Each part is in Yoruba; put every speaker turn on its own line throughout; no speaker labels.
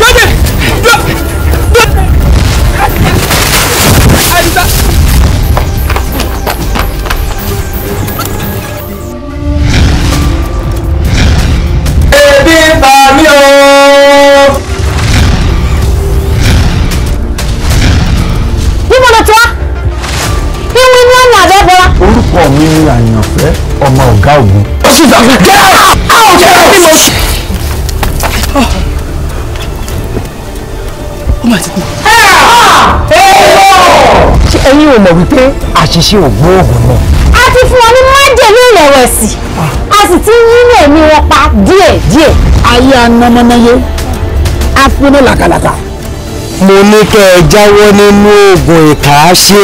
Daddy! Daddy! ọmọ ọ̀gá ògùn. Ó sì sọ fún ó mà ti kú. ṣé ẹ̀yin ò mọ̀ wípé àṣìṣe ògbóògùn náà. a ti fún wọn ní májèlé ìrẹ̀wẹ̀sì a sì ti ń yínú ẹ̀mí wọn pa díẹ̀díẹ̀. ayé anamọ́náyé afiná làkàlàkà. mo ní kẹ́ ẹ jáwọ́ nínú oògùn ìkàáṣe.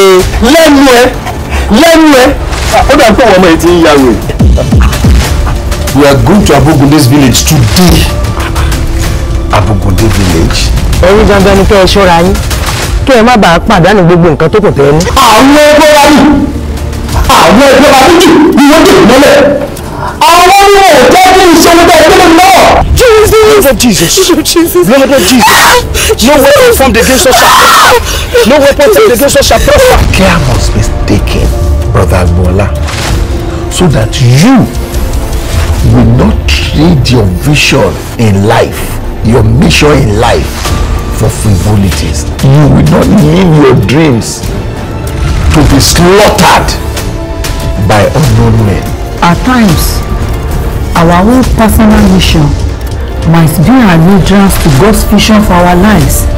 lẹ́nu ẹ lẹ́nu ẹ ó dà pé àwọn ọmọ yìí ti ń yàwé. we are going to abogun this village today. Abugude village. ẹ̀yin dandan ni kẹ́ ẹ ṣọ́ra yín kí ẹ má bàa pàdánù gbogbo nǹkan tó kù tẹ́ ní. àwọn ẹgbẹ́ wa ni àwọn ẹgbẹ́ wa méjì ni wọ́n dìbò mọ́lẹ̀
àwọn ni wọn ò jẹ́ kí iṣẹ́ wọn bá ẹgbẹ́ náà.
Jesus of Jesus Jesus blood of Jesus no weapon formed against us shall prosper no weapon formed against us shall prosper. care must be taken brother Agboola so that you will not trade your vision in life your mission in life for frivolities. You will not leave your dreams to be slaughtered by unknown men. At times, our own personal mission might be an hindrance to God's vision for our lives.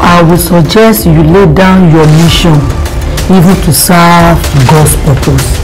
I will suggest you lay down your mission even to serve God's purpose.